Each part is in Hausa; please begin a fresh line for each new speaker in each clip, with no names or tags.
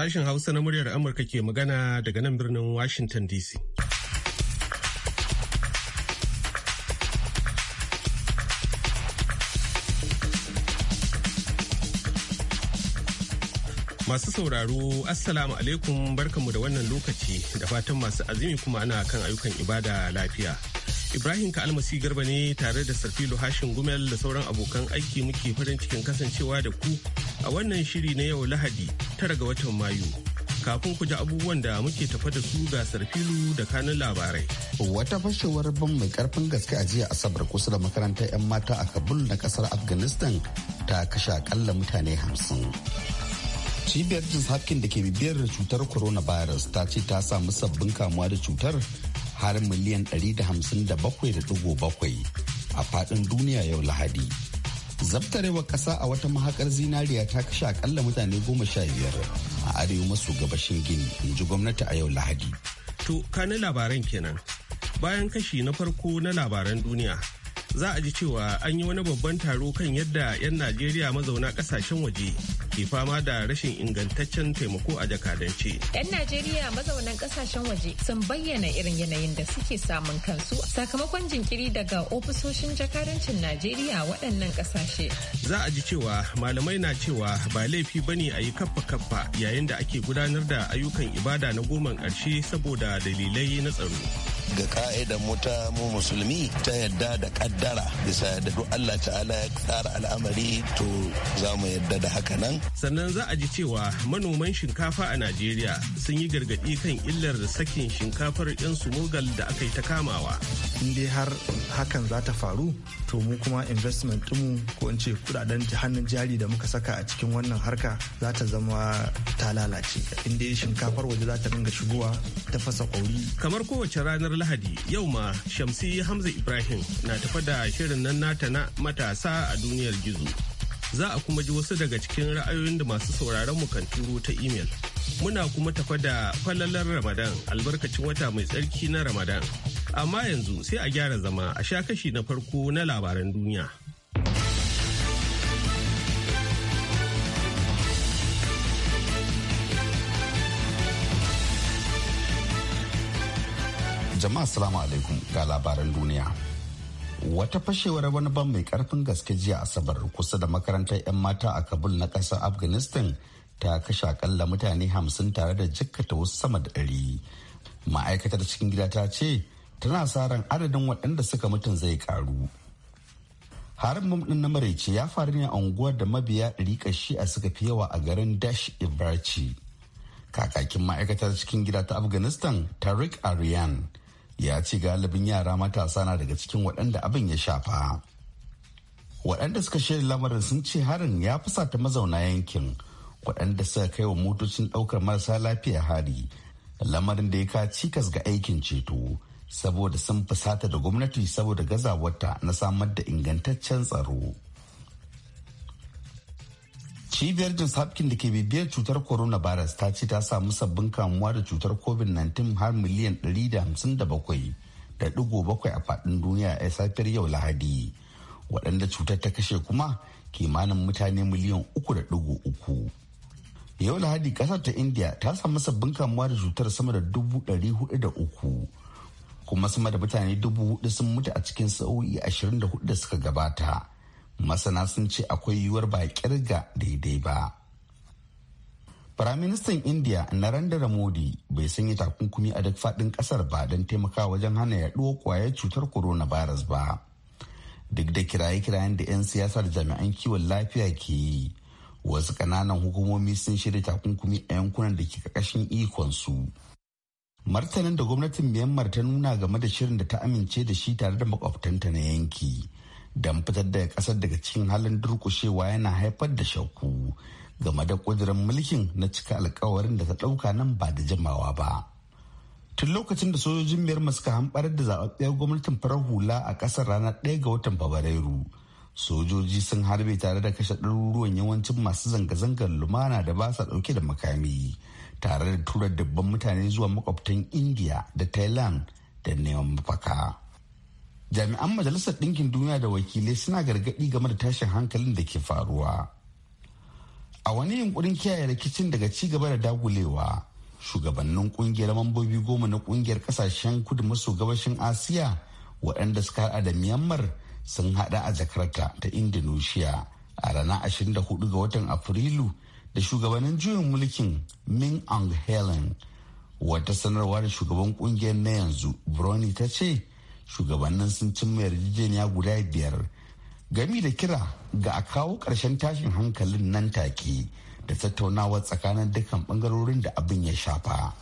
Sashen Hausa na muryar Amurka ke magana daga nan birnin Washington DC. Masu sauraro, Assalamu alaikum barkanmu da wannan lokaci da fatan masu azumi kuma ana kan ayyukan ibada lafiya. Ibrahim ka Almasi Garba ne tare da Sarfilo Hashin Gumel da sauran abokan aiki muke farin cikin kasancewa da ku a wannan shiri na yau Lahadi tara ga watan Mayu. Kafin ku ji abubuwan da muke tafa da su ga sarfilu da kanun labarai.
Wata fashewar ban mai karfin gaske a jiya Asabar kusa da makarantar 'yan mata a Kabul na kasar Afghanistan ta kashe akalla mutane hamsin. cibiyar jins hapkin da ke bibiyar cutar Corona Virus ta ce ta samu sabbin kamuwa da cutar har miliyan 157.7 a fadin duniya yau lahadi zabtarewar kasa a wata mahakar zinariya ta kashe akalla mutane goma sha biyar a arewa maso gabashin gini in ji gwamnati a yau lahadi
to kani labaran kenan bayan kashi na farko na labaran duniya za a ji cewa an yi wani babban taro kan yadda 'yan najeriya mazauna kasashen waje ke fama da rashin ingantaccen taimako a jakadance.
'Yan Najeriya mazaunan kasashen waje sun bayyana irin yanayin da suke samun kansu sakamakon jinkiri daga ofisoshin jakadancin Najeriya waɗannan kasashe.
Za a ji cewa malamai na cewa ba laifi ba ne a yi kaffa-kaffa yayin da ake gudanar da ayyukan ibada na goman ƙarshe saboda dalilai na tsaro. ga ka'idar mu mu musulmi ta yadda da kaddara bisa da duk Allah ta'ala ya tsara al'amari to za mu yadda da haka nan sannan za a ji cewa manoman shinkafa a najeriya sun yi gargaɗi kan illar da sakin shinkafar 'yan mogal da aka yi ta kamawa dai har hakan za ta faru to mu kuma investment ɗinmu ko in ce kudaden hannun jari da muka saka a cikin wannan harka za ta zama ta lalace dai shinkafar waje za ta dinga shigowa ta fasa kwauri kamar kowace ranar lahadi yau ma shamsi hamza ibrahim na tafa da shirin nan nata na matasa a duniyar gizo za a kuma ji wasu daga cikin ra'ayoyin da masu sauraron mu kan turo ta imel. Muna kuma tafa da falalar Ramadan albarkacin wata mai tsarki na Ramadan. Amma yanzu sai a gyara zama a sha kashi na farko na labaran duniya.
Jama'a salamu alaikum ga labaran duniya. wata fashewar wani ban mai karfin gaske jiya asabar kusa da makarantar 'yan mata a kabul na kasar afghanistan ta kashe akalla mutane hamsin tare da jikkata wasu sama da ɗari ma'aikatar cikin gida ta ce tana sa ran adadin waɗanda suka mutum zai karu harin mamɗin na maraice ya faru ne a unguwar da mabiya ɗari shi'a suka fi yawa a garin dash ibraci kakakin ma'aikatar cikin gida ta afghanistan tariq aryan ya ce galibin yara matasa na daga cikin waɗanda abin ya shafa waɗanda suka shirya lamarin sun ce harin ya fusata mazauna yankin waɗanda suka kai wa motocin ɗaukar marasa lafiya hari lamarin da ya ka cikas ga aikin ceto saboda sun fusata da gwamnati saboda gazawarta na samar da ingantaccen tsaro. cibiyar johns sabkin da ke bibiyar cutar Corona coronavirus ta ce ta samu sabbin kamuwa da cutar covid-19 har miliyan da digo bakwai a faɗin duniya a safiyar yau lahadi waɗanda cutar ta kashe kuma kimanin mutane miliyan uku. yau lahadi ƙasar ta india ta samu sabbin kamuwa da cutar sama da dubu uku, kuma sama da mutane dubu hudu sun mutu a cikin sa'o'i hudu da suka gabata masana sun ce akwai yiwuwar ba kirga daidai ba Firaministan India Narendra Modi bai sanya takunkumi a duk faɗin ƙasar ba don taimakawa wajen hana yaɗuwar ƙwayar cutar corona coronavirus ba. Duk da kiraye-kirayen da 'yan siyasar jami'an kiwon lafiya ke yi, wasu ƙananan hukumomi sun shirya takunkumi a yankunan da ke ƙarƙashin ikonsu. Martanin da gwamnatin Myanmar ta nuna game da shirin da ta amince da shi tare da makwabtanta na yanki don fitar da kasar daga cikin halin durkushewa yana haifar da shakku game da kudirin mulkin na cika alkawarin da ta ɗauka nan ba da jimawa ba. Tun lokacin da sojojin miyar suka hanbar da zaɓaɓɓiyar gwamnatin farar hula a ƙasar ranar ɗaya ga watan Fabrairu. Sojoji sun harbe tare da kashe ɗaruruwan yawancin masu zanga-zangar lumana da ba sa ɗauke da makami, tare da tura dubban mutane zuwa makwabtan Indiya da Thailand da neman mafaka. jami'an majalisar ɗinkin duniya da wakilai suna gargaɗi game da tashin hankalin da ke faruwa a wani yunkurin kiyaye rikicin daga ci gaba da dagulewa shugabannin kungiyar mambobi goma na kungiyar kasashen kudu maso gabashin asiya waɗanda suka haɗa da myanmar sun haɗa a jakarta ta indonesia a ranar 24 ga watan afrilu da shugabannin juyin mulkin Ming ang helen wata sanarwa da shugaban kungiyar na yanzu brony ta ce shugabannin sun cimma yarjejeniya guda biyar gami da kira ga a kawo ƙarshen tashin hankalin nan take da tattaunawa
tsakanin dukkan bangarorin da abin ya shafa.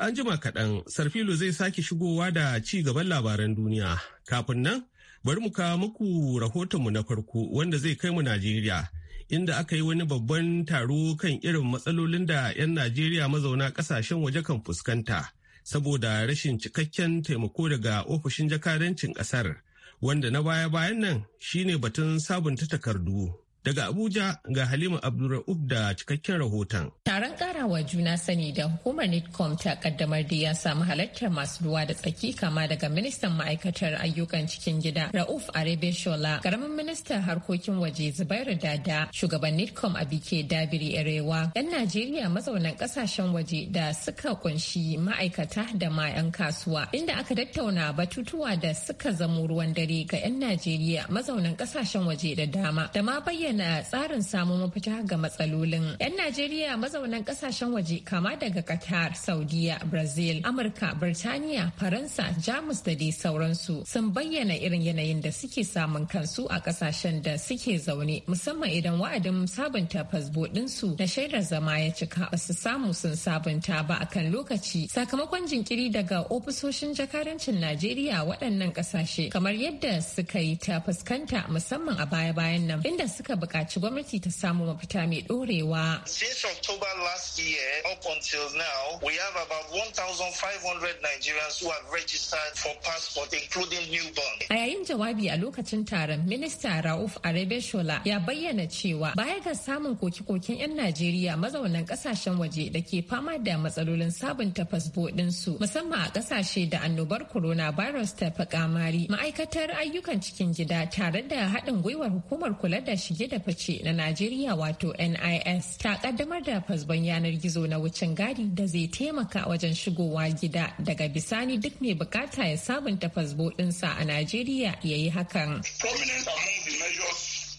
An jima kaɗan, Sarfilo zai sake shigowa da ci gaban labaran duniya. Kafin nan, bari mu kawo muku rahotonmu na farko wanda zai kai mu Najeriya, inda aka yi wani babban taro kan irin matsalolin da 'yan Najeriya mazauna ƙasashen waje kan fuskanta. saboda rashin cikakken taimako daga ofishin jakadancin ƙasar wanda na baya-bayan nan shine batun sabunta takardu. Daga Abuja ga Halima Abdulra'uf da cikakken rahoton.
Taron karawa juna sani da hukumar NITCOM ta kaddamar da ya samu halartar masu ruwa da tsaki kama daga ministan ma'aikatar ayyukan cikin gida Rauf Shola, karamin ministan harkokin waje Zubairu Dada, shugaban NITCOM bike Dabiri Erewa, 'Yan Najeriya mazaunan kasashen waje da suka kunshi ma'aikata da ma'an kasuwa, inda aka tattauna batutuwa da suka zamo ruwan dare ga 'yan Najeriya mazaunan kasashen waje da dama, da ma bayyana bayyana tsarin samun mafita ga matsalolin. 'Yan Najeriya mazaunan kasashen waje kama daga Qatar, Saudiya, Brazil, Amurka, Birtaniya, Faransa, Jamus da dai sauransu sun bayyana irin yanayin da suke samun kansu a kasashen da suke zaune musamman idan wa'adin sabunta fasbo ɗinsu na shaidar zama ya cika ba su samu sun sabunta ba a kan lokaci sakamakon jinkiri daga ofisoshin jakarancin Najeriya waɗannan kasashe kamar yadda suka yi ta fuskanta musamman a baya-bayan nan inda suka buƙaci gwamnati ta samu mafita mai ɗorewa.
Since October last year up until now, we have about 1,500 Nigerians
who have registered for passport including newborn. A yayin jawabi a lokacin taron, Minista Rauf Arebeshola ya bayyana cewa baya ga samun koke-koken 'yan Najeriya mazaunan ƙasashen waje da ke fama da matsalolin sabunta fasfo ɗinsu musamman a ƙasashe da annobar coronavirus ta fi kamari. Ma'aikatar ayyukan cikin gida tare da haɗin gwiwar hukumar kula da shige da fice na Najeriya wato NIS ta kaddamar da fasban yanar gizo na wucin gadi da zai taimaka wajen shigowa gida daga bisani duk mai bukata ya sabunta fasbo ɗinsa a Najeriya ya yi hakan.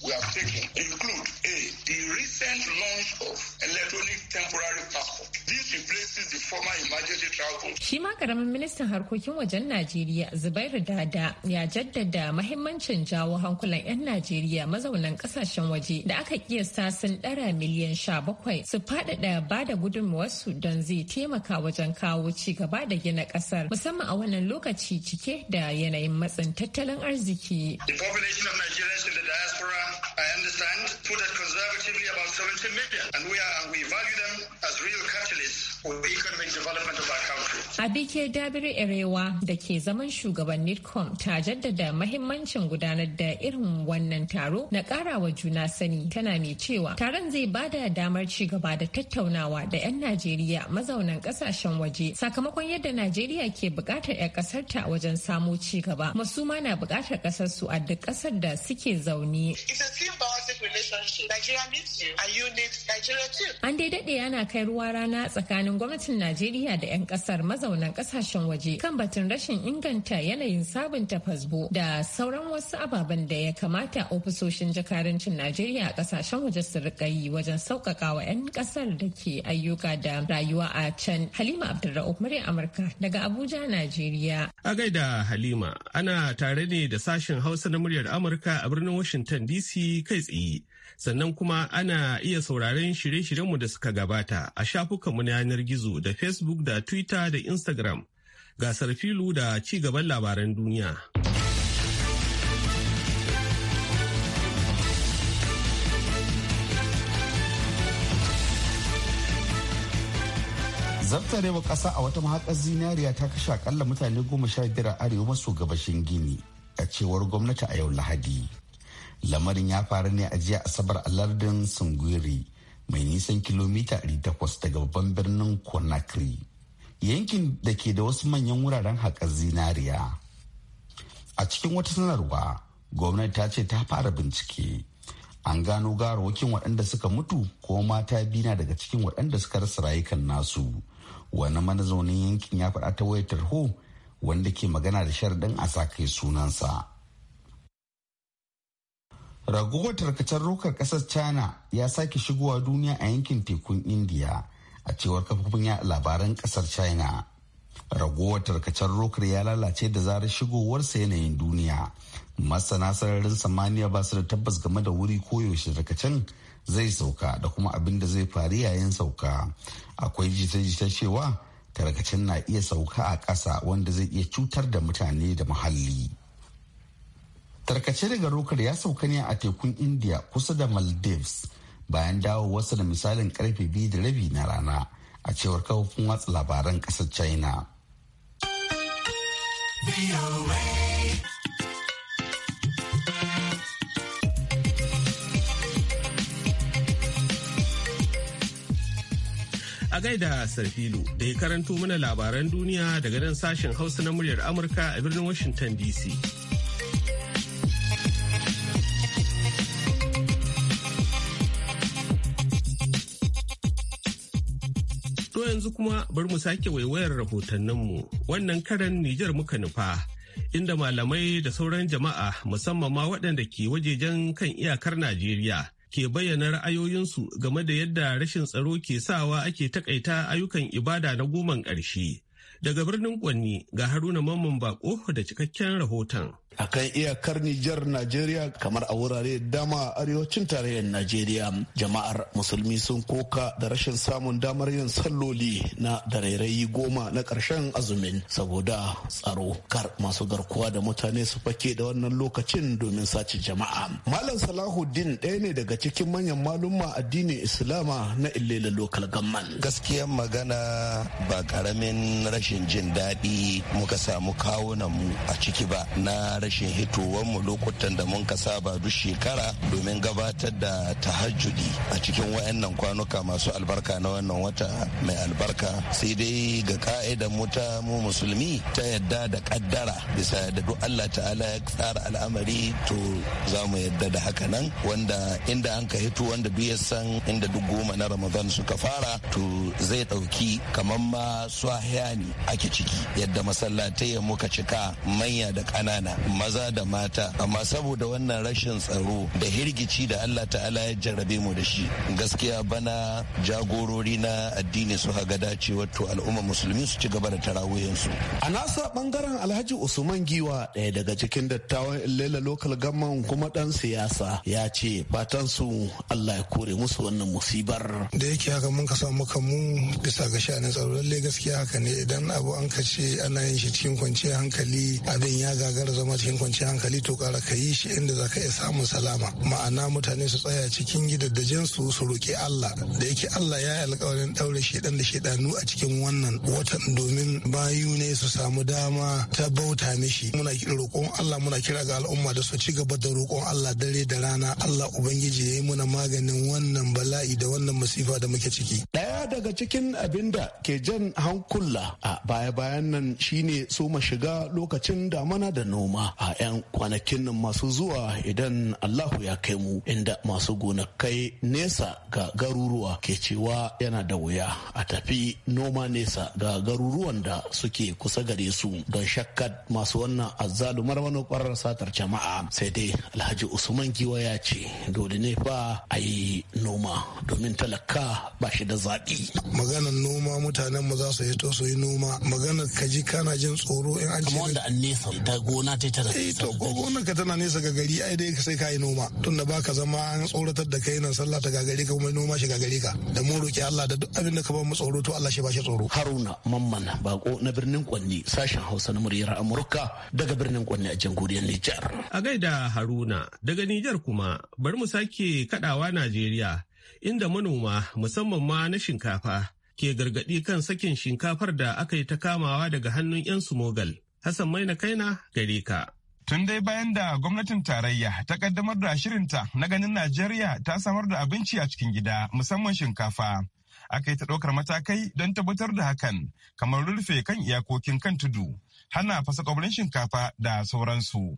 we have taken include A. The recent launch of electronic temporary passport. This replaces the former emergency travel. Shi
ma karamin ministan harkokin wajen Najeriya Zubairu Dada ya jaddada mahimmancin jawo hankulan 'yan Najeriya mazaunan kasashen waje da aka kiyasta sun ɗara miliyan sha bakwai su faɗaɗa ba da gudunmawarsu don zai taimaka wajen kawo ci gaba da gina ƙasar musamman a wannan lokaci cike da yanayin matsin tattalin arziki. The
population of Nigeria in the diaspora I understand, put it conservatively
about 70 million. And we, are, and we value them as real catalysts
bikin Dabiri Erewa da ke zaman shugaban NITCOM ta jaddada mahimmancin gudanar da irin wannan taro na karawa juna sani tana mai cewa taron zai bada damar ci gaba da tattaunawa da 'yan Najeriya mazaunan kasashen waje sakamakon yadda Najeriya ke bukatar 'yan kasarta wajen samo ci gaba masu ma na bukatar kasar su a duk kasar da suke zaune. An daidaɗe yana ana kai ruwa rana tsakanin tsakanin gwamnatin Najeriya da 'yan kasar mazaunan kasashen waje kan batun rashin inganta yanayin sabunta fasbo da sauran wasu ababen da ya kamata ofisoshin jakarancin Najeriya a kasashen waje su rika yi wajen sauƙaƙa wa 'yan kasar da ke ayyuka da rayuwa a can. Halima Abdulra'uf murya Amurka daga Abuja, Najeriya.
A gaida Halima, ana tare ne da sashen Hausa na muryar Amurka a birnin Washington DC kai tsaye. sannan kuma ana iya sauraron shirye-shiryenmu da suka gabata a shafukanmu na yanar gizo da facebook da twitter da instagram gasar filu da ci gaban labaran duniya
zabtarewa ƙasa a wata mahaƙar zinariya ta kashe akalla mutane goma sha biyar a arewa maso gabashin gini a cewar gwamnati a yau lahadi lamarin ya faru ne a jiya asabar a lardin sunguri mai nisan kilomita 800 daga babban birnin Konakri, yankin da ke da wasu manyan wuraren haƙar zinariya a cikin wata sanarwa gwamnati ta ce ta fara bincike an gano garawakin waɗanda suka mutu ko mata bina daga cikin waɗanda suka rasa rayukan nasu wani manazaunin yankin ya faɗa ta wayar tarho wanda ke magana da sharaɗin a sa sunansa Raguwar tarkacen rokar kasar China ya sake shigowa duniya a yankin tekun Indiya a cewar kafofin ya labaran kasar China. Raguwar tarkacen rokar ya lalace da zarar shigowarsa yanayin duniya. Masana sararin samaniya ba su da tabbas game da wuri ko yaushe tarkacen zai sauka da kuma abin da zai faru yayin sauka. Akwai jita-jita cewa tarkacen na iya sauka a ƙasa wanda zai iya cutar da mutane da muhalli. tarkace daga rokar ya sauka ne a tekun india kusa da maldives bayan dawo wasu da misalin karfe biyu da rabi na rana a cewar kafofin watsa labaran kasar china
a gaida sarfilu da ya karanto mana labaran duniya daga nan sashen hausa na muryar amurka a birnin washington dc yanzu kuma bari mu sake waiwayar rahotanninmu wannan karan Nijar muka nufa inda malamai da sauran jama'a musamman ma waɗanda ke wajejen kan iyakar Najeriya ke bayyana ra'ayoyinsu game da yadda rashin tsaro ke sawa ake takaita ayyukan ibada na goman ƙarshe. Daga birnin Kwanni ga Haruna Mamman Bako da cikakken rahoton.
a kan iyakar Nijar Najeriya kamar a wurare dama a arewacin tarayyar Najeriya. Jama'ar musulmi sun koka da rashin samun damar yin salloli na darairayi goma na ƙarshen azumin saboda tsaro kar masu garkuwa da mutane su fake da wannan lokacin domin sace jama'a. Malam Salahuddin ɗaya ne daga cikin manyan malumma addinin Islama na Ilela Local Gamman. Gaskiyar magana
ba ƙaramin rashin jin daɗi muka samu kawunan mu a ciki ba na rashin hitowar mu lokutan da mun ka saba duk shekara domin gabatar da tahajjudi a cikin wayannan kwanuka masu albarka na wannan wata mai albarka sai dai ga ka'idan mu ta mu musulmi ta yadda da kaddara bisa da duk Allah ta'ala ya tsara al'amari to za mu yadda da haka nan wanda inda an ka hito wanda duk ya san inda duk goma na Ramadan suka fara to zai ɗauki kamar ma swahiya ne ake ciki yadda masallatai muka cika manya da ƙanana maza da mata amma saboda wannan rashin tsaro da hirgici da Allah ta'ala ya jarrabe mu da shi gaskiya bana jagorori na addini su haga dace wato al'umma musulmi su ci gaba da tarawiyansu
a nasa bangaren alhaji usman giwa ɗaya daga cikin dattawan illela lokal gamman kuma dan siyasa
ya ce fatan
su Allah ya kore musu wannan musibar
da yake haka mun ka samu kamu bisa ga sha'anin tsaro lalle gaskiya haka ne idan abu an ka ce ana yin shi cikin kwanciyar hankali abin ya gagara zama cikin kwanciyar hankali to kara ka yi shi inda za ka iya samun salama ma'ana mutane su tsaya cikin gidajen su su roƙi Allah da yake Allah ya yi alƙawarin ɗaure shaidan da shaidanu a cikin wannan watan domin bayu ne su samu dama ta bauta mishi muna roƙon Allah muna kira ga al'umma da su ci gaba da roƙon Allah dare da rana Allah ubangiji ya yi muna maganin wannan bala'i da wannan masifa da muke ciki
ɗaya daga cikin abin da ke jan hankula a baya-bayan nan shine so shiga lokacin damana da noma a 'yan kwanakin nan masu zuwa idan Allahu ya kai mu inda masu gonakai nesa ga garuruwa ke cewa yana da wuya a tafi noma nesa ga garuruwan da suke kusa gare su don shakkat masu wannan azzalumar manufar satar jama'a sai dai Alhaji Usman Giwa ya ce dole ne fa a yi noma domin talaka ba shi da zaɓi.
Maganar noma mutanen mu za su to su yi noma maganar kaji kana jin tsoro in an ce. nesa ta gona ta tana eh, to ko ka tana nesa ga gari ai dai sai ka yi noma tunda baka zama an tsoratar da kai nan sallah ta gagari ka kuma noma shi gagari ka da mun roki Allah da duk abin da ka ba mu tsoro to Allah shi ba shi tsoro
Haruna Mamman bako na birnin Kwanni sashen Hausa na muryar Amurka daga birnin Kwanni a
jamhuriyar Niger. a gaida Haruna daga Niger kuma bari mu sake kadawa Najeriya inda manoma musamman ma na shinkafa ke gargadi kan sakin shinkafar da aka yi ta kamawa daga hannun 'yan sumogal Hassan Maina Kaina gare ka.
Tun dai bayan da gwamnatin tarayya ta kaddamar da shirinta na ganin Najeriya ta samar da abinci a cikin gida musamman shinkafa. Aka yi ta ɗaukar matakai don tabbatar da hakan kamar rufe kan iyakokin kan tudu, hana fasa shinkafa da sauransu.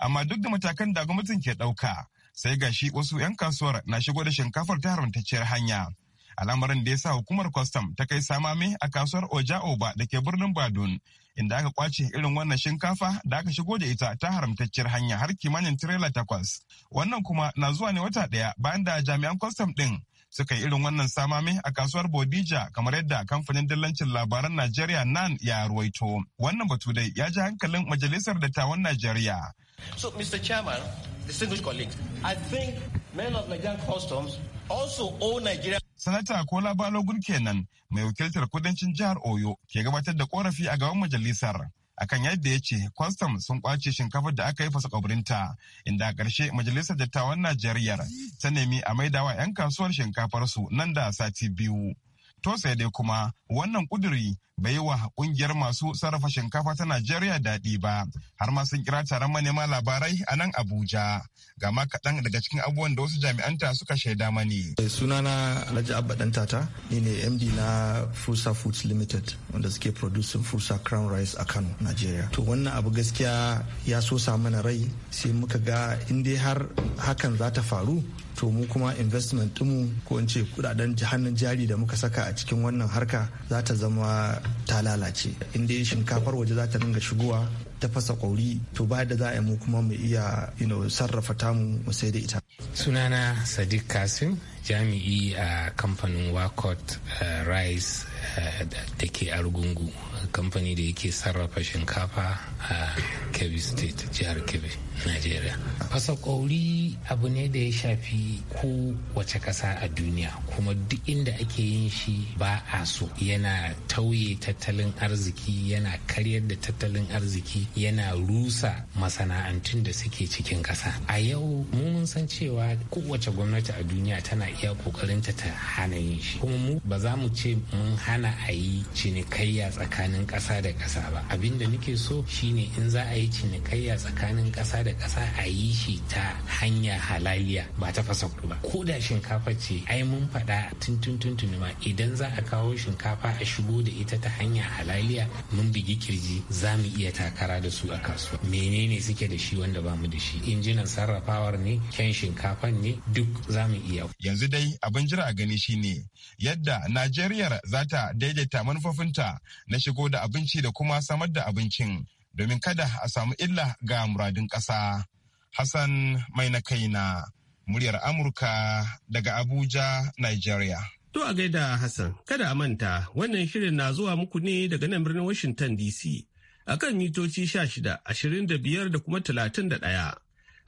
Amma duk da matakan da gwamnatin ke ɗauka, sai ga shi wasu 'yan kasuwar na shigo da shinkafar ta haramtacciyar hanya al'amarin da ya sa hukumar kwastam ta kai samame a kasuwar oja oba da ke birnin badun inda aka kwace irin wannan shinkafa da aka shigo da ita ta haramtacciyar hanya har kimanin tirela takwas wannan kuma na zuwa ne wata ɗaya bayan da jami'an kwastam ɗin suka yi irin wannan samame a kasuwar bodija kamar yadda kamfanin dillancin labaran najeriya nan ya ruwaito wannan batu dai ya ji hankalin majalisar da dattawan najeriya
so mr chairman distinguished colleagues i think men of nigerian customs
also owe nigeria Sanata ko Balogun kenan mai wakiltar kudancin jihar Oyo ke gabatar da korafi a gaban majalisar. akan yadda ya ce kwastam sun kwace shinkafar da aka yi fasa kwabrinta inda a ƙarshe majalisar dattawan najeriya ta nemi a maidawa 'yan kasuwar shinkafarsu nan da sati biyu To sai dai kuma wannan kuduri bai wa kungiyar masu sarrafa shinkafa ta Najeriya daɗi ba, har ma sun kira taron manema labarai a nan Abuja. ga Gama kaɗan daga cikin abubuwan da wasu jami'anta suka shaida
mani. Eh, sunana Alhaji Abba Dantata, ni ne MD na Fusa Foods Limited, wanda suke producing Fusa Crown Rice a Kano, Najeriya. To wannan abu gaskiya ya so mana rai sai muka ga in dai har hakan za ta faru to mu kuma investment ɗinmu ko in ce kudaden hannun jari da muka saka a a cikin wannan harka za ta zama ta lalace inda shinkafar waje za ta dinga shigowa ta fasa kwauri to ba da za a yi mu kuma mu iya sarrafa tamu mu sai da ita
sunana sadiq kasim jami'i a kamfanin wakot eh, rice eh, da ke argungu kamfani da yake sarrafa shinkafa a kebbi state jihar kebbi Najeriya. Fasa ƙauri abu ne da ya shafi kowace ƙasa a duniya kuma duk inda ake yin shi ba a so yana tauye tattalin arziki yana karyar da tattalin arziki yana rusa masana'antun da suke cikin ƙasa. A yau mun san cewa kowace gwamnati a duniya tana iya ƙoƙarinta ta hana yin shi kuma mu ba za mu ce mun hana a yi cinikayya tsakanin ƙasa da ƙasa ba abin da nake so shine in za a yi cinikayya tsakanin ƙasa da da ƙasa a yi shi ta hanya halaliya ba ta fasa kudu ba ko da shinkafa ce ai mun faɗa tuntun ma idan za a kawo shinkafa a shigo da ita ta hanya halaliya mun bigi kirji za mu iya takara da su a kasuwa menene suke da shi wanda ba mu da shi injinan sarrafawar ne kyan shinkafan ne duk za mu iya
yanzu dai abin jira a gani shine yadda najeriya za ta daidaita manufofinta na shigo da abinci da kuma samar da abincin domin kada a samu illa ga muradin ƙasa. Hassan mai na kai na muryar Amurka daga Abuja, Nigeria.
To a gaida Hassan, kada a manta wannan shirin na zuwa muku ne daga nan birnin Washington DC a kan mitoci 16, ashirin da biyar da kuma talatin da ɗaya,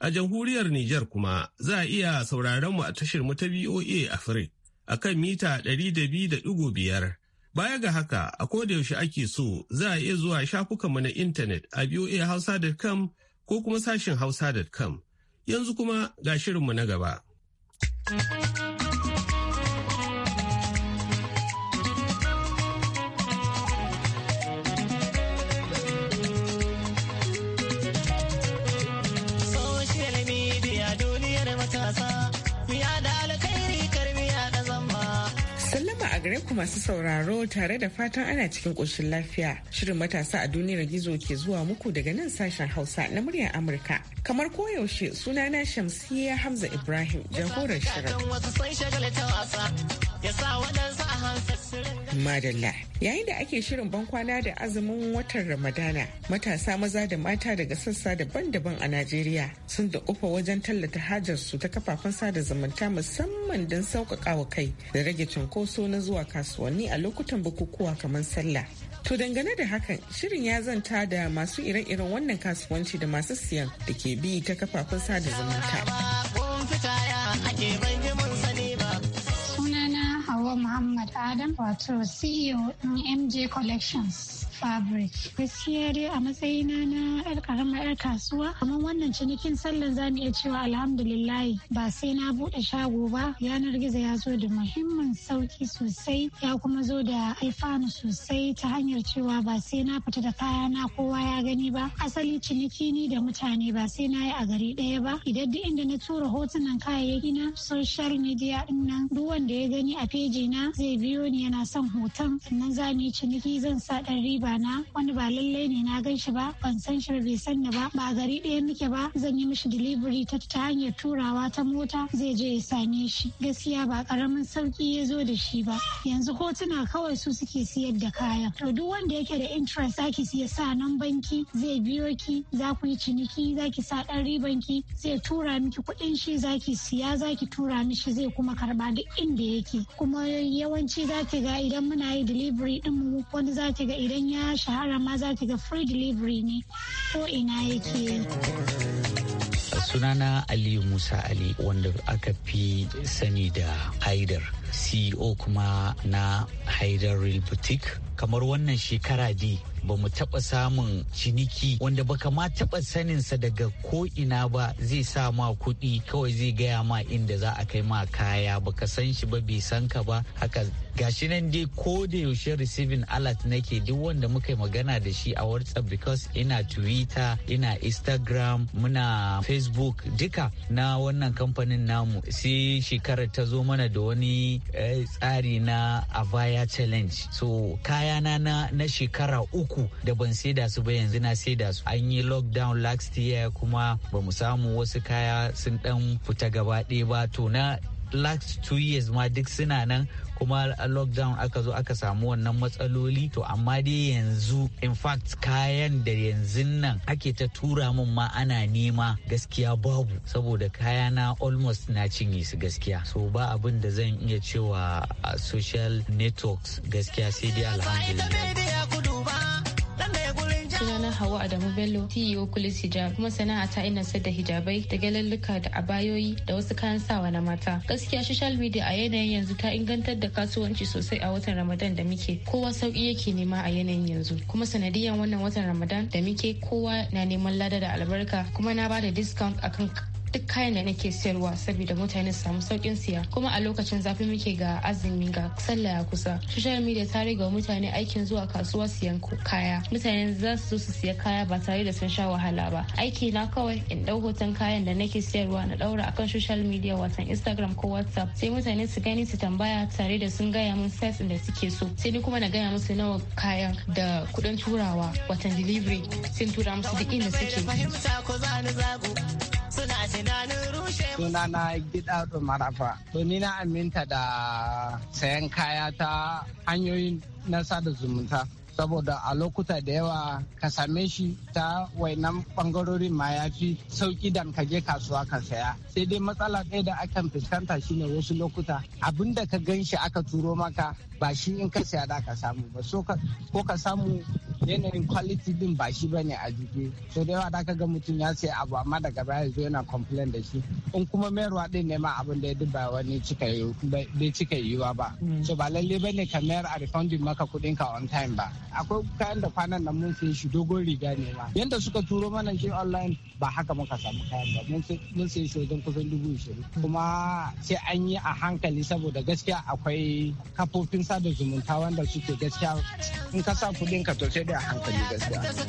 A jamhuriyar Nijar kuma za a iya sauraron mu a tashar mu ta BOA Africa a kan mita biyar. Baya ga haka, a yaushe ake so za a iya zuwa shafukanmu na intanet a voahausa.com ko kuma sashin hausa.com. Yanzu kuma ga shirinmu na gaba.
gare ku masu sauraro tare da fatan ana cikin ƙoshin lafiya. Shirin matasa a duniyar gizo ke zuwa muku daga nan sashen Hausa na muryar Amurka. Kamar koyaushe sunana Shamsiyya Hamza Ibrahim jagorar shirin. Madalla. Yayin da ake shirin bankwana da azumin watan Ramadana, matasa maza da mata daga sassa daban-daban a Najeriya sun da ufa wajen tallata hajarsu ta kafafen sada zumunta musamman don wa kai da rage cunkoso na zuwa kasuwanni a lokutan bukukuwa kamar sallah. To dangane da hakan, shirin ya zanta da masu ire-iren wannan kasuwanci da masu siyan da ke bi ta kafafen sada zumunta.
Hauwa Muhammad Adam wato CEO in MJ Collections. fabric gaskiya dai a matsayina na yar karamar yar kasuwa kamar wannan cinikin sallan za mu iya cewa alhamdulillahi ba sai na bude shago ba yanar gizo ya zo da muhimmin sauki sosai ya kuma zo da alfanu sosai ta hanyar cewa ba sai na fita da kaya na kowa ya gani ba asali ciniki ni da mutane ba sai na yi a gari ɗaya ba idan duk inda na tura hotunan kayayyaki na social media din nan duk wanda ya gani a feji na zai biyo ni yana son hoton sannan za mu yi ciniki zan sa ɗan riba Bana na wani ba lallai ne na gan shi ba ban san shi ba bai san ni ba ba gari ɗaya muke ba zan yi mishi delivery ta ta hanyar turawa ta mota zai je ya same shi gaskiya ba karamin sauki ya zo da shi ba yanzu hotuna kawai su suke siyar da kaya. to duk wanda yake da interest zaki siya sa nan banki zai biyo ki za ku yi ciniki zaki sa ɗan riban ki zai tura miki kuɗin shi zaki siya zaki tura mishi zai kuma karba duk inda yake kuma yawanci zaki ga idan muna yi delivery ɗinmu mu wani zaki ga idan ya ya shahara ma za ta ga free delivery ne ko ina yake
sunana aliyu musa ali wanda aka fi sani da haidar ceo kuma na haidar real boutique kamar wannan shekara di ba mu taɓa samun ciniki wanda baka ma taɓa saninsa daga ko ina ba zai sa ma kuɗi kawai zai gaya ma inda za a kai ma kaya baka san shi ba bai san ka ba haka gashi nan dai ko da yaushe receiving alert nake duk wanda muka yi magana da shi a whatsapp because ina twitter ina instagram muna facebook duka na wannan kamfanin namu sai shekara ta zo mana da wani eh, tsari na avaya challenge so kayana na na shekara uku uku da ban saida su ba yanzu na saida su an yi lockdown last year kuma ba mu samu wasu kaya sun dan fita gaba ɗaya ba to na last two years ma duk suna nan kuma lockdown aka zo aka samu wannan matsaloli to amma dai yanzu in fact kayan da yanzu nan ake ta tura min ma ana nema gaskiya babu saboda kaya na almost na cinye su gaskiya so ba abin da zan iya cewa social networks gaskiya sai dai alhamdulillah
hawa Adamu Bello, e CEO Kulis Hijab, kuma sana'a ta ina sayar da hijabai da galalluka da abayoyi da wasu kayan sawa na mata. Gaskiya social media a yanayin yanzu ta ingantar da kasuwanci sosai a watan Ramadan da muke. Kowa sauki yake nema a yanayin yanzu. Kuma sanadiyan wannan watan Ramadan da muke kowa na neman lada da albarka kuma na bada discount akan duk kayan da nake sayarwa saboda mutane su samu saukin siya kuma a lokacin zafi muke ga azumi ga sallah ya kusa social media ta riga mutane aikin zuwa kasuwa siyan kaya mutane za su zo su siya kaya ba tare da sun sha wahala ba aiki na kawai in dau hoton kayan da nake sayarwa na daura akan social media watan instagram ko whatsapp sai mutane su gani su tambaya tare da sun gaya min size da suke so sai ni kuma na gaya musu nawa kayan da kudin turawa watan delivery sun tura musu duk inda suke
suna tunanin rushe suna na
gida marafa to ni na aminta da sayan kaya ta hanyoyin na sada zumunta saboda a lokuta da yawa ka same shi ta wainan bangarorin ma ya fi sauki dan ka je kasuwa ka saya sai dai matsala ɗaya da akan fuskanta shine wasu lokuta abin da ka gan shi aka turo maka ba shi in ka saya da ka samu ba so ko ka samu yanayin quality din ba shi ba ne a jiki so da yawa da ka ga mutum ya sai abu amma daga baya zo yana complain da shi in kuma mayarwa din ne ma abin da ya duba wani cika bai cika yiwuwa ba mm. so ba lalle ba ne ka mayar a refunding maka kuɗin ka on time ba akwai kayan da kwanan nan mun sai shi dogon riga ne ma yanda suka turo mana shi online ba haka muka samu kayan ba mun sai shi don kusan dubu ishirin kuma sai an yi a hankali saboda gaskiya akwai kafofin da zumunta wanda suke gaskiya in
ka sa kuɗin ka to sai da hankali gaskiya.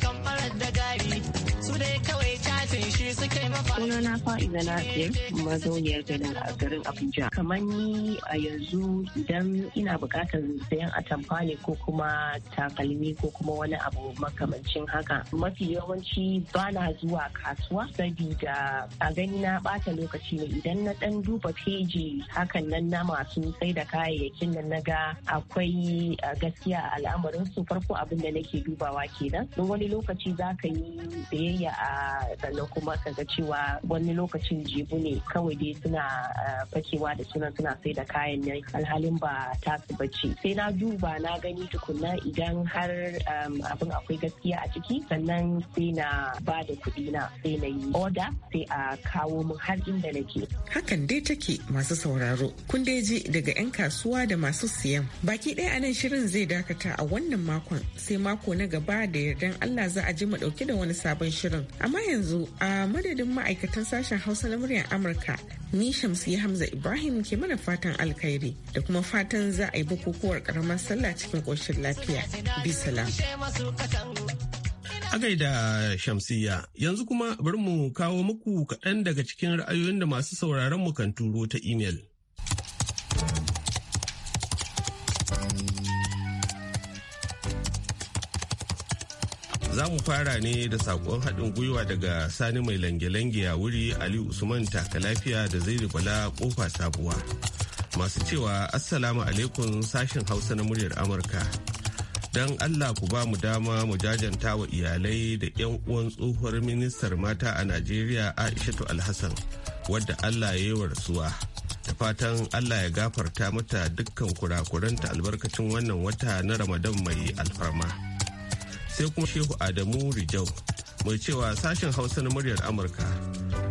Suna
na fa'iza lafiya mazauniyar garin a garin Abuja. Kamar
ni a yanzu idan ina buƙatar sayan atamfa ne ko kuma takalmi ko kuma wani abu makamancin haka. Mafi yawanci ba na zuwa kasuwa sabida a gani na ɓata lokaci ne idan na ɗan duba feji hakan nan na masu sai da kayayyakin nan na ga akwai gaskiya a al'amarin su farko abin da nake dubawa kenan. Don wani lokaci za ka yi biyayya a sannan kuma ka ga cewa wani lokacin jibu ne kawai dai suna eh, fakewa da sunan suna sai da kayan nan alhalin ba ta tasu bace sai na duba na gani tukunna idan har abin akwai gaskiya a ciki sannan sai na ba da kuɗi na sai na yi
oda sai a kawo min har inda nake hakan dai take masu sauraro kun dai ji daga 'yan kasuwa da masu siyan baki ɗaya anan shirin zai dakata a wannan makon sai mako na gaba da yardan Allah za a ji mu ɗauki da wani sabon shirin amma yanzu a madadin ma'aikatan sashen Hausa na muryar Amurka ni ya Hamza Ibrahim ke mana fatan alkhairi da kuma fatan za a yi bukukuwar karamar sallah cikin ƙoshin lafiya. Bisalam. A gaida Shamsiyya, yanzu kuma bari
mu kawo muku kaɗan daga cikin ra'ayoyin da masu sauraron mu kan turo ta imel. mu fara ne da sakon haɗin gwiwa daga Sani mai lange-lange a wuri Ali Usman taka lafiya da Zairi Bala kofa sabuwa. Masu cewa Assalamu alaikum sashen Hausa na muryar Amurka. Don Allah ku ba mu dama mu jajanta wa iyalai da 'yan uwan tsohuwar ministar mata a Najeriya Aishatu Alhassan wadda Allah ya yi warsuwa. da fatan Allah ya gafarta mata dukkan kurakuranta albarkacin wannan wata na Ramadan mai alfarma. sai kuma shehu adamu rijau mai cewa sashen hausa na muryar amurka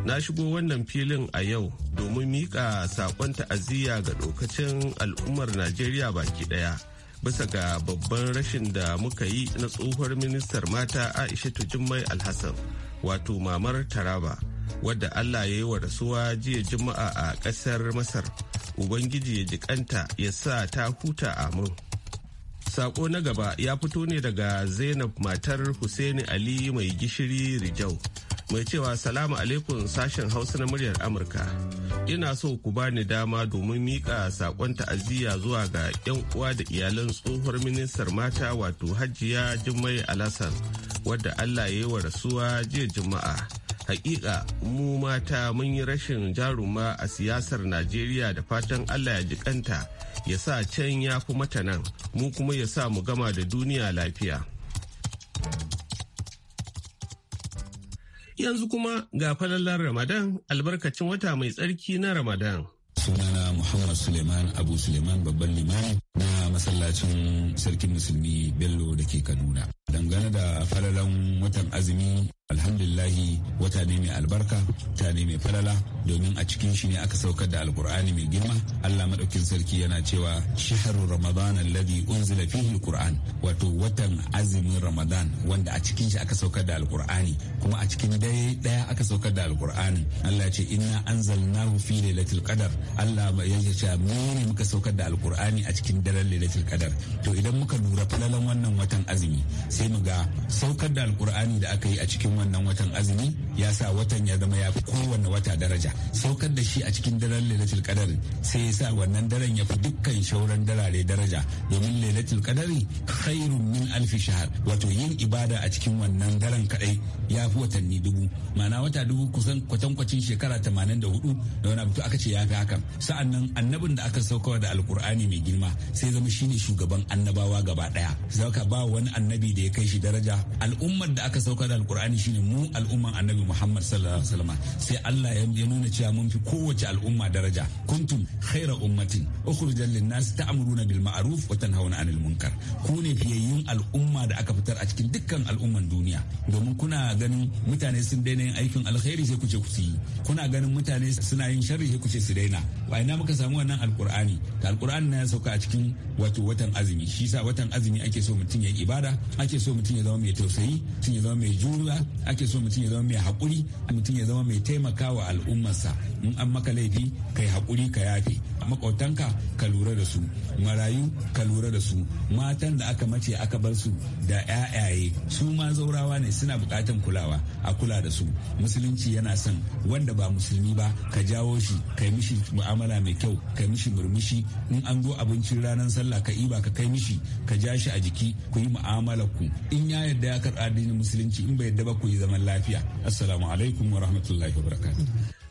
na shigo wannan filin a yau domin miƙa saƙon ta'aziyya ga ɗokacin al'ummar najeriya baki ɗaya bisa ga babban rashin da muka yi na tsohuwar ministar mata aisha jummai alhassan wato mamar taraba wadda allah ya yi wa rasuwa jiya juma'a a ƙasar masar ubangiji ya jikanta ya sa ta huta a mun Sako na gaba ya fito ne daga Zainab matar Hussaini Ali mai gishiri Rijau. Mai cewa salamu alaikum sashen hausa na muryar Amurka. Ina so ku bani dama domin miƙa sakon ta'aziyya zuwa ga 'yan uwa da iyalan tsohuwar ministar mata wato hajjiya jimmai Alasan wadda Allah ya yi wa rasuwa jiya Juma'a. hakika mu mata mun yi rashin jaruma a siyasar najeriya da fatan allah ya ji jikanta ya sa can ya fi mata nan mu kuma ya sa mu gama da duniya lafiya yanzu kuma ga falalar ramadan albarkacin wata mai tsarki na ramadan
sunana muhammad suleiman abu suleiman babban limani na masallacin sarkin musulmi bello da ke kaduna dangane da falalan watan azumi alhamdulillahi wata ne mai albarka ta ne mai falala domin a cikin shi ne aka saukar da alkur'ani mai girma allah maɗaukin sarki yana cewa shaharu ramadan alladhi unzila fihi alquran wato watan azumin ramadan wanda a cikin shi aka saukar da alkur'ani kuma a cikin dare daya aka saukar da alkur'ani allah ce inna anzalnahu fi lailatul qadar allah ya ce mu ne muka saukar da alkur'ani a cikin daren lailatul qadar to idan muka lura falalan wannan watan azumi sai mu ga saukar da alkur'ani da aka yi a cikin wannan watan azumi ya sa watan ya zama ya fi kowane wata daraja saukar da shi a cikin daren lailatul qadar sai ya sa wannan daren ya fi dukkan shauran darare daraja domin lailatul qadari khairun min alfi shahar wato yin ibada a cikin wannan daren kadai ya fi watanni dubu ma'ana wata dubu kusan kwatankwacin shekara 84 da wani abu aka ce ya fi hakan sa'annan annabin da aka saukawa da alkur'ani mai girma sai zama shine shugaban annabawa gaba daya zaka ba wani annabi da ya kai shi daraja al'ummar da aka sauka da alkur'ani shine mu al'umman annabi Muhammad sallallahu alaihi wasallam sai Allah ya nuna cewa mun fi kowace al'umma daraja kuntum khaira ummatin ukhrijal linnas ta'muruna bil ma'ruf wa tanhauna 'anil munkar ku ne fiyayyun al'umma da aka fitar a cikin dukkan al'umman duniya domin kuna ganin mutane sun daina yin aikin alkhairi sai ku ce ku yi kuna ganin mutane suna yin sharri sai ku ce su daina wa ina muka samu wannan alqur'ani ta alqur'ani na ya sauka a cikin wato watan azumi shi sa watan azumi ake so mutum ya ibada ake so mutum ya zama mai tausayi mutum ya zama mai juriya ake so mutum ya zama mai haƙuri mutum ya zama mai taimaka wa al'ummarsa in an maka laifi ka yi haƙuri ka yafe makwautanka ka lura da su marayu ka lura da su matan da aka mace aka bar su da 'ya'yaye su ma zaurawa ne suna bukatan kulawa a kula da su musulunci yana son wanda ba musulmi ba ka jawo shi ka yi mishi mu'amala mai kyau ka yi mishi murmushi in an zo abincin ranar sallah ka iba ka kai mishi ka ja shi a jiki ku yi mu'amalar ku in ya yarda ya karɓa addinin musulunci in bai yarda ba ku ku yi zaman lafiya assalamu alaikum wa rahmatullahi wa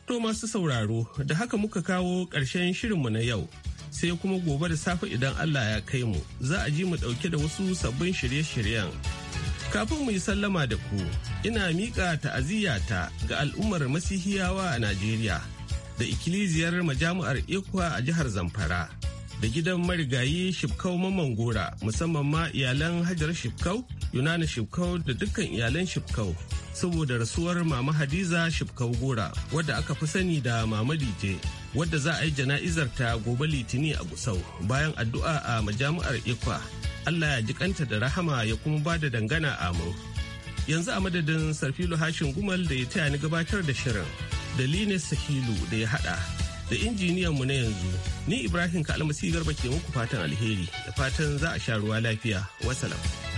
to masu sauraro da haka muka kawo ƙarshen shirinmu na yau sai kuma gobe da safe idan Allah ya kai mu za a ji mu ɗauke da wasu sabbin shirye-shiryen kafin mu yi sallama da ku ina miƙa ta'aziyyata ga al'ummar masihiyawa a Najeriya da ikkiliziyar majami'ar Ikwa a jihar Zamfara da gidan marigayi Shifkau Gora, musamman ma iyalan Hajar Shifkau Yunani Shifkau da dukkan iyalan Shifkau saboda rasuwar Mama Hadiza Shifkau Gora wadda aka fi sani da Mama Lije wadda za a yi jana'izar ta gobe Litini a Gusau bayan addu'a a majami'ar Ikwa. Allah ya jikanta da rahama ya kuma ba da dangana a mu. Yanzu a madadin Sarfilu Hashin Gumal da ya taya ni gabatar da shirin da Linus Sahilu da ya hada da injiniyan mu na yanzu ni Ibrahim Kalmasi Garba ke muku fatan alheri da fatan za a sha ruwa lafiya. Wasalam.